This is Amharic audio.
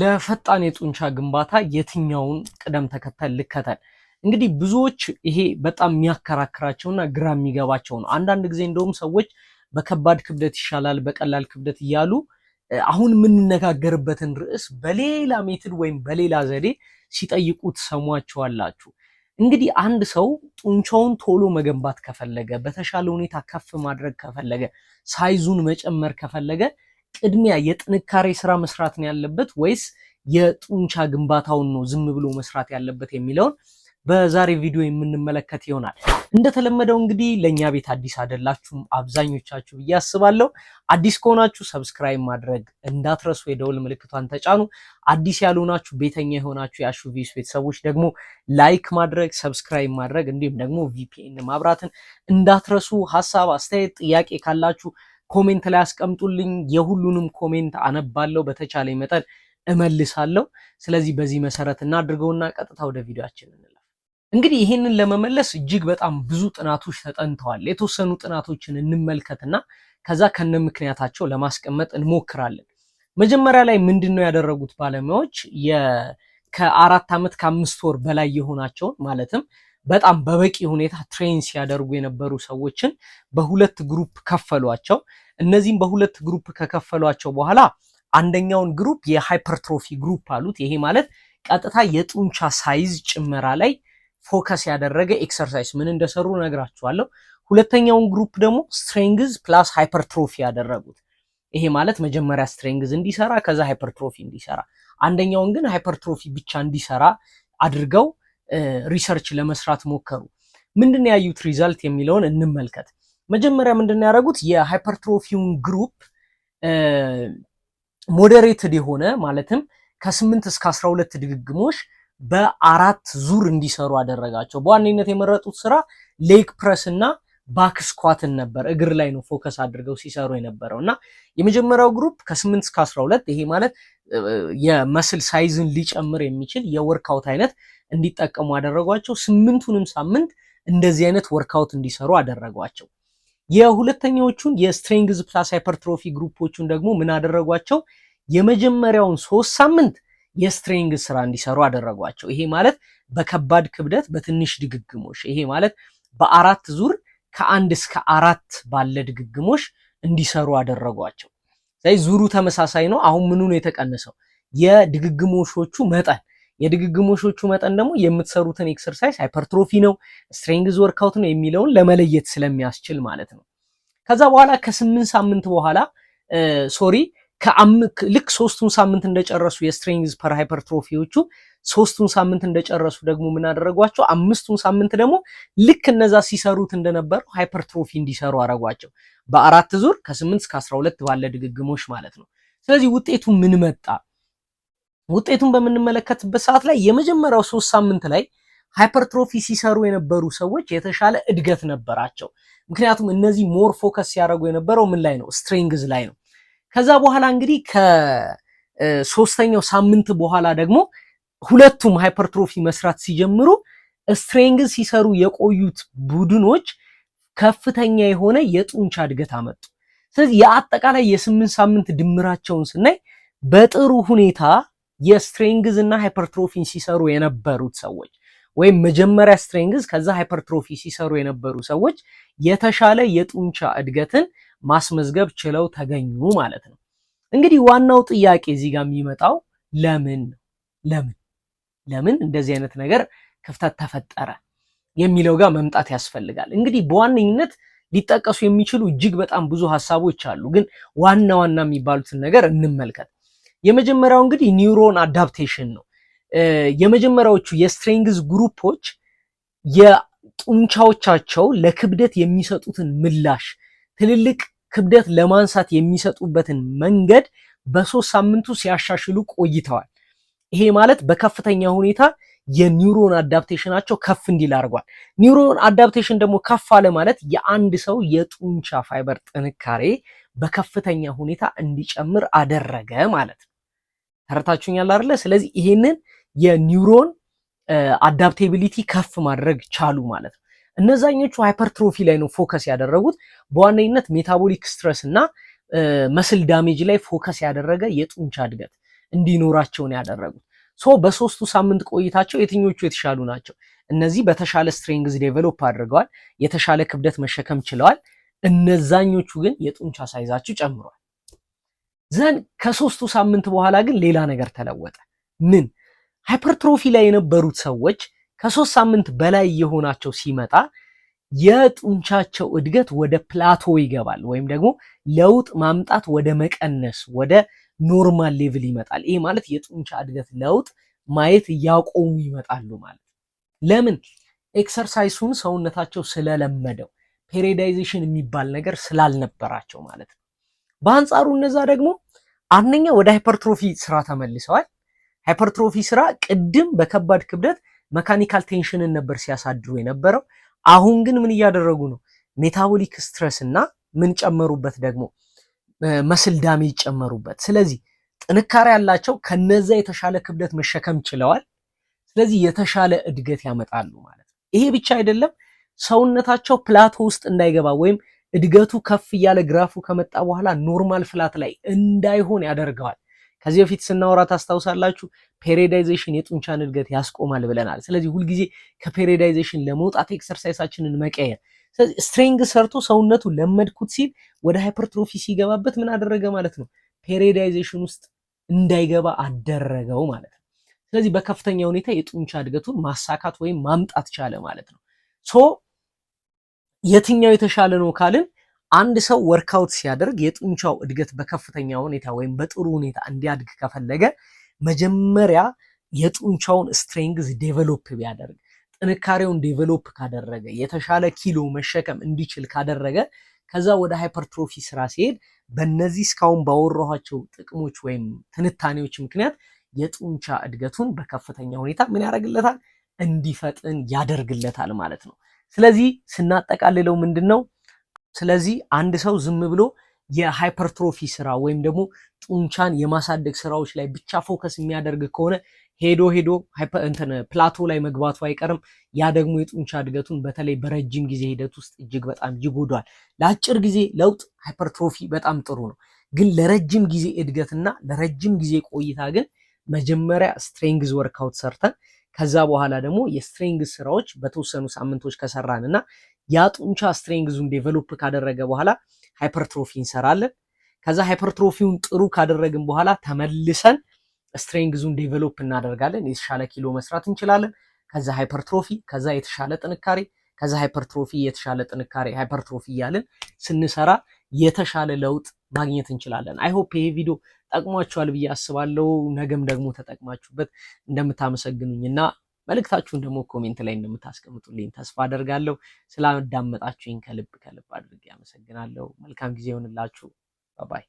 ለፈጣን የጡንቻ ግንባታ የትኛውን ቅደም ተከተል ልከተል? እንግዲህ ብዙዎች ይሄ በጣም የሚያከራክራቸውና ግራ የሚገባቸው ነው። አንዳንድ ጊዜ እንደውም ሰዎች በከባድ ክብደት ይሻላል በቀላል ክብደት እያሉ አሁን የምንነጋገርበትን ርዕስ በሌላ ሜትድ ወይም በሌላ ዘዴ ሲጠይቁት አላችሁ እንግዲህ አንድ ሰው ጡንቻውን ቶሎ መገንባት ከፈለገ፣ በተሻለ ሁኔታ ከፍ ማድረግ ከፈለገ፣ ሳይዙን መጨመር ከፈለገ ቅድሚያ የጥንካሬ ስራ መስራት ነው ያለበት ወይስ የጡንቻ ግንባታውን ነው ዝም ብሎ መስራት ያለበት የሚለውን በዛሬ ቪዲዮ የምንመለከት ይሆናል። እንደተለመደው እንግዲህ ለእኛ ቤት አዲስ አይደላችሁም አብዛኞቻችሁ ብዬ አስባለሁ። አዲስ ከሆናችሁ ሰብስክራይብ ማድረግ እንዳትረሱ፣ የደውል ምልክቷን ተጫኑ። አዲስ ያልሆናችሁ ቤተኛ የሆናችሁ የአሹ ቪስ ቤተሰቦች ደግሞ ላይክ ማድረግ፣ ሰብስክራይብ ማድረግ እንዲሁም ደግሞ ቪፒኤን ማብራትን እንዳትረሱ። ሀሳብ አስተያየት፣ ጥያቄ ካላችሁ ኮሜንት ላይ አስቀምጡልኝ። የሁሉንም ኮሜንት አነባለሁ፣ በተቻለ መጠን እመልሳለሁ። ስለዚህ በዚህ መሰረት እናድርገውና ቀጥታ ወደ ቪዲዮችን እንለፍ። እንግዲህ ይህንን ለመመለስ እጅግ በጣም ብዙ ጥናቶች ተጠንተዋል። የተወሰኑ ጥናቶችን እንመልከትና ከዛ ከነ ምክንያታቸው ለማስቀመጥ እንሞክራለን። መጀመሪያ ላይ ምንድን ነው ያደረጉት ባለሙያዎች ከአራት ዓመት ከአምስት ወር በላይ የሆናቸውን ማለትም በጣም በበቂ ሁኔታ ትሬን ሲያደርጉ የነበሩ ሰዎችን በሁለት ግሩፕ ከፈሏቸው። እነዚህም በሁለት ግሩፕ ከከፈሏቸው በኋላ አንደኛውን ግሩፕ የሃይፐርትሮፊ ግሩፕ አሉት። ይሄ ማለት ቀጥታ የጡንቻ ሳይዝ ጭመራ ላይ ፎከስ ያደረገ ኤክሰርሳይዝ ምን እንደሰሩ ነግራችኋለሁ። ሁለተኛውን ግሩፕ ደግሞ ስትሬንግዝ ፕላስ ሃይፐርትሮፊ ያደረጉት። ይሄ ማለት መጀመሪያ ስትሬንግዝ እንዲሰራ ከዛ ሃይፐርትሮፊ እንዲሰራ፣ አንደኛውን ግን ሃይፐርትሮፊ ብቻ እንዲሰራ አድርገው ሪሰርች ለመስራት ሞከሩ። ምንድን ያዩት ሪዛልት የሚለውን እንመልከት። መጀመሪያ ምንድን ያደረጉት የሃይፐርትሮፊውን ግሩፕ ሞዴሬትድ የሆነ ማለትም ከ8 እስከ 12 ድግግሞች በአራት ዙር እንዲሰሩ አደረጋቸው። በዋነኝነት የመረጡት ስራ ሌግ ፕረስ እና ባክ ስኳትን ነበር። እግር ላይ ነው ፎከስ አድርገው ሲሰሩ የነበረው እና የመጀመሪያው ግሩፕ ከ8 እስከ 12 ይሄ ማለት የመስል ሳይዝን ሊጨምር የሚችል አውት አይነት እንዲጠቀሙ አደረጓቸው። ስምንቱንም ሳምንት እንደዚህ አይነት ወርካውት እንዲሰሩ አደረጓቸው። የሁለተኛዎቹን የስትሬንግዝ ፕላስ ሃይፐርትሮፊ ግሩፖቹን ደግሞ ምን አደረጓቸው? የመጀመሪያውን ሶስት ሳምንት የስትሬንግዝ ስራ እንዲሰሩ አደረጓቸው። ይሄ ማለት በከባድ ክብደት በትንሽ ድግግሞሽ፣ ይሄ ማለት በአራት ዙር ከአንድ እስከ አራት ባለ ድግግሞሽ እንዲሰሩ አደረጓቸው። ዙሩ ተመሳሳይ ነው። አሁን ምኑ ነው የተቀነሰው? የድግግሞሾቹ መጠን የድግግሞሾቹ መጠን ደግሞ የምትሰሩትን ኤክሰርሳይዝ ሃይፐርትሮፊ ነው ስትሬንግዝ ወርካውት ነው የሚለውን ለመለየት ስለሚያስችል ማለት ነው። ከዛ በኋላ ከስምንት ሳምንት በኋላ ሶሪ ልክ ሶስቱን ሳምንት እንደጨረሱ የስትሬንግዝ ፐር ሃይፐርትሮፊዎቹ ሶስቱን ሳምንት እንደጨረሱ ደግሞ አደረጓቸው? አምስቱን ሳምንት ደግሞ ልክ እነዛ ሲሰሩት እንደነበረው ሃይፐርትሮፊ እንዲሰሩ አረጓቸው በአራት ዙር ከስምንት እስከ አስራ ሁለት ባለ ድግግሞሽ ማለት ነው። ስለዚህ ውጤቱ ምን መጣ? ውጤቱን በምንመለከትበት ሰዓት ላይ የመጀመሪያው ሶስት ሳምንት ላይ ሃይፐርትሮፊ ሲሰሩ የነበሩ ሰዎች የተሻለ እድገት ነበራቸው። ምክንያቱም እነዚህ ሞር ፎከስ ሲያደርጉ የነበረው ምን ላይ ነው? ስትሪንግዝ ላይ ነው። ከዛ በኋላ እንግዲህ ከሶስተኛው ሳምንት በኋላ ደግሞ ሁለቱም ሃይፐርትሮፊ መስራት ሲጀምሩ ስትሪንግዝ ሲሰሩ የቆዩት ቡድኖች ከፍተኛ የሆነ የጡንቻ እድገት አመጡ። ስለዚህ የአጠቃላይ የስምንት ሳምንት ድምራቸውን ስናይ በጥሩ ሁኔታ የስትሬንግዝ እና ሃይፐርትሮፊን ሲሰሩ የነበሩት ሰዎች ወይም መጀመሪያ ስትሬንግዝ ከዛ ሃይፐርትሮፊ ሲሰሩ የነበሩ ሰዎች የተሻለ የጡንቻ እድገትን ማስመዝገብ ችለው ተገኙ ማለት ነው። እንግዲህ ዋናው ጥያቄ እዚህ ጋር የሚመጣው ለምን ለምን ለምን እንደዚህ አይነት ነገር ክፍተት ተፈጠረ የሚለው ጋር መምጣት ያስፈልጋል። እንግዲህ በዋነኝነት ሊጠቀሱ የሚችሉ እጅግ በጣም ብዙ ሀሳቦች አሉ፣ ግን ዋና ዋና የሚባሉትን ነገር እንመልከት። የመጀመሪያው እንግዲህ ኒውሮን አዳፕቴሽን ነው። የመጀመሪያዎቹ የስትሬንግዝ ግሩፖች የጡንቻዎቻቸው ለክብደት የሚሰጡትን ምላሽ ትልልቅ ክብደት ለማንሳት የሚሰጡበትን መንገድ በሶስት ሳምንቱ ሲያሻሽሉ ቆይተዋል። ይሄ ማለት በከፍተኛ ሁኔታ የኒውሮን አዳፕቴሽናቸው ከፍ እንዲል አድርጓል። ኒውሮን አዳፕቴሽን ደግሞ ከፍ አለ ማለት የአንድ ሰው የጡንቻ ፋይበር ጥንካሬ በከፍተኛ ሁኔታ እንዲጨምር አደረገ ማለት ነው። ተረታችሁኛል አይደለ? ስለዚህ ይሄንን የኒውሮን አዳፕቴቢሊቲ ከፍ ማድረግ ቻሉ ማለት ነው። እነዛኞቹ ሃይፐርትሮፊ ላይ ነው ፎከስ ያደረጉት። በዋነኝነት ሜታቦሊክ ስትረስ እና መስል ዳሜጅ ላይ ፎከስ ያደረገ የጡንቻ እድገት እንዲኖራቸው ነው ያደረጉት። ሶ በሶስቱ ሳምንት ቆይታቸው የትኞቹ የተሻሉ ናቸው? እነዚህ በተሻለ ስትሬንግዝ ዴቨሎፕ አድርገዋል፣ የተሻለ ክብደት መሸከም ችለዋል። እነዛኞቹ ግን የጡንቻ ሳይዛችሁ ጨምሯል። ዘን ከሶስቱ ሳምንት በኋላ ግን ሌላ ነገር ተለወጠ። ምን? ሃይፐርትሮፊ ላይ የነበሩት ሰዎች ከሶስት ሳምንት በላይ የሆናቸው ሲመጣ የጡንቻቸው እድገት ወደ ፕላቶ ይገባል፣ ወይም ደግሞ ለውጥ ማምጣት ወደ መቀነስ ወደ ኖርማል ሌቭል ይመጣል። ይሄ ማለት የጡንቻ እድገት ለውጥ ማየት እያቆሙ ይመጣሉ ማለት። ለምን? ኤክሰርሳይሱን ሰውነታቸው ስለለመደው ፔሬዳይዜሽን የሚባል ነገር ስላልነበራቸው ማለት ነው። በአንጻሩ እነዛ ደግሞ አንደኛ ወደ ሃይፐርትሮፊ ስራ ተመልሰዋል። ሃይፐርትሮፊ ስራ ቅድም በከባድ ክብደት መካኒካል ቴንሽንን ነበር ሲያሳድሩ የነበረው። አሁን ግን ምን እያደረጉ ነው? ሜታቦሊክ ስትረስ እና ምን ጨመሩበት ደግሞ መስል ዳሜጅ ጨመሩበት። ስለዚህ ጥንካሬ ያላቸው ከነዛ የተሻለ ክብደት መሸከም ችለዋል። ስለዚህ የተሻለ እድገት ያመጣሉ ማለት ነው። ይሄ ብቻ አይደለም፣ ሰውነታቸው ፕላቶ ውስጥ እንዳይገባ ወይም እድገቱ ከፍ እያለ ግራፉ ከመጣ በኋላ ኖርማል ፍላት ላይ እንዳይሆን ያደርገዋል። ከዚህ በፊት ስናወራ ታስታውሳላችሁ፣ ፔሬዳይዜሽን የጡንቻን እድገት ያስቆማል ብለናል። ስለዚህ ሁልጊዜ ከፔሬዳይዜሽን ለመውጣት ኤክሰርሳይሳችንን መቀየር። ስለዚህ ስትሬንግ ሰርቶ ሰውነቱ ለመድኩት ሲል ወደ ሃይፐርትሮፊ ሲገባበት ምን አደረገ ማለት ነው? ፔሬዳይዜሽን ውስጥ እንዳይገባ አደረገው ማለት ነው። ስለዚህ በከፍተኛ ሁኔታ የጡንቻ እድገቱን ማሳካት ወይም ማምጣት ቻለ ማለት ነው ሶ የትኛው የተሻለ ነው ካልን አንድ ሰው ወርካውት ሲያደርግ የጡንቻው እድገት በከፍተኛ ሁኔታ ወይም በጥሩ ሁኔታ እንዲያድግ ከፈለገ መጀመሪያ የጡንቻውን ስትሬንግዝ ዴቨሎፕ ቢያደርግ ጥንካሬውን ዴቨሎፕ ካደረገ የተሻለ ኪሎ መሸከም እንዲችል ካደረገ ከዛ ወደ ሃይፐርትሮፊ ስራ ሲሄድ በእነዚህ እስካሁን ባወራኋቸው ጥቅሞች ወይም ትንታኔዎች ምክንያት የጡንቻ እድገቱን በከፍተኛ ሁኔታ ምን ያደርግለታል? እንዲፈጥን ያደርግለታል ማለት ነው። ስለዚህ ስናጠቃልለው ምንድን ነው? ስለዚህ አንድ ሰው ዝም ብሎ የሃይፐርትሮፊ ስራ ወይም ደግሞ ጡንቻን የማሳደግ ስራዎች ላይ ብቻ ፎከስ የሚያደርግ ከሆነ ሄዶ ሄዶ ፕላቶ ላይ መግባቱ አይቀርም። ያ ደግሞ የጡንቻ እድገቱን በተለይ በረጅም ጊዜ ሂደት ውስጥ እጅግ በጣም ይጎዷል። ለአጭር ጊዜ ለውጥ ሃይፐርትሮፊ በጣም ጥሩ ነው፣ ግን ለረጅም ጊዜ እድገትና ለረጅም ጊዜ ቆይታ ግን መጀመሪያ ስትሬንግዝ ወርካውት ሰርተን ከዛ በኋላ ደግሞ የስትሬንግ ስራዎች በተወሰኑ ሳምንቶች ከሰራን እና የአጡንቻ ስትሬንግዙን ዴቨሎፕ ካደረገ በኋላ ሃይፐርትሮፊ እንሰራለን። ከዛ ሃይፐርትሮፊውን ጥሩ ካደረግን በኋላ ተመልሰን ስትሬንግዙን ዴቨሎፕ እናደርጋለን። የተሻለ ኪሎ መስራት እንችላለን። ከዛ ሃይፐርትሮፊ፣ ከዛ የተሻለ ጥንካሬ፣ ከዛ ሃይፐርትሮፊ፣ የተሻለ ጥንካሬ፣ ሃይፐርትሮፊ እያልን ስንሰራ የተሻለ ለውጥ ማግኘት እንችላለን። አይሆፕ ይሄ ቪዲዮ ጠቅሟችኋል ብዬ አስባለሁ። ነገም ደግሞ ተጠቅማችሁበት እንደምታመሰግኑኝ እና መልእክታችሁን ደግሞ ኮሜንት ላይ እንደምታስቀምጡልኝ ተስፋ አደርጋለሁ። ስላዳመጣችሁኝ ከልብ ከልብ አድርጌ አመሰግናለሁ። መልካም ጊዜ ይሆንላችሁ። ባባይ